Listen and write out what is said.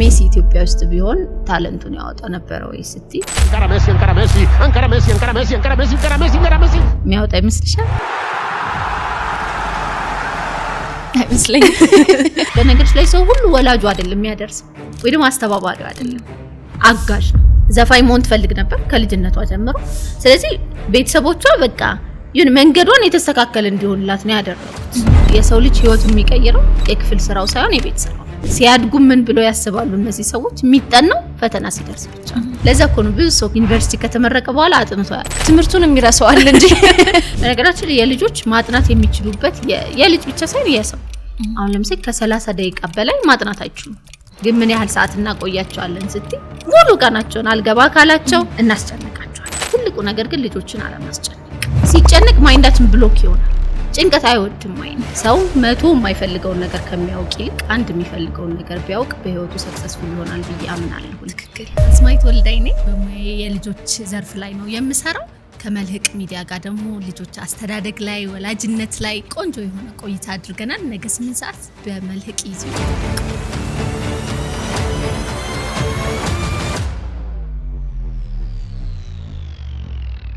ሜሲ ኢትዮጵያ ውስጥ ቢሆን ታለንቱን ያወጣ ነበረ ወይ ስቲ የሚያወጣ ይመስልሻል? አይመስለኝም። በነገሮች ላይ ሰው ሁሉ ወላጁ አይደለም የሚያደርስ ወይ ደግሞ አስተባባሪው አይደለም፣ አጋዥ ዘፋኝ መሆን ትፈልግ ነበር ከልጅነቷ ጀምሮ። ስለዚህ ቤተሰቦቿ በቃ ይሁን መንገዷን የተስተካከለ እንዲሆንላት ነው ያደረጉት። የሰው ልጅ ህይወቱ የሚቀይረው የክፍል ስራው ሳይሆን የቤት ስራው። ሲያድጉ ምን ብለው ያስባሉ እነዚህ ሰዎች? የሚጠናው ፈተና ሲደርስ ብቻ። ለዛ እኮ ነው ብዙ ሰው ዩኒቨርሲቲ ከተመረቀ በኋላ አጥንቶ ያለ ትምህርቱን የሚረሰዋል እንጂ። በነገራችን የልጆች ማጥናት የሚችሉበት የልጅ ብቻ ሳይሆን የሰው አሁን ለምሳሌ ከሰላሳ ደቂቃ በላይ ማጥናት አይችሉም። ግን ምን ያህል ሰዓት እናቆያቸዋለን ስትይ ሙሉ ቀናቸውን አልገባ ካላቸው እናስጨንቃቸዋለን። ትልቁ ነገር ግን ልጆችን አለማስጨነቅ ሲጨነቅ ማይንዳችን ብሎክ ይሆናል። ጭንቀት አይወድም ማይንድ። ሰው መቶ የማይፈልገውን ነገር ከሚያውቅ ይልቅ አንድ የሚፈልገውን ነገር ቢያውቅ በህይወቱ ሰክሰስፉል ይሆናል ብዬ አምናለሁ። ትክክል። አስማይት ወልዳይ ነኝ። በሙያዬ የልጆች ዘርፍ ላይ ነው የምሰራው። ከመልህቅ ሚዲያ ጋር ደግሞ ልጆች አስተዳደግ ላይ፣ ወላጅነት ላይ ቆንጆ የሆነ ቆይታ አድርገናል። ነገ ስምንት ሰዓት በመልህቅ ይዙ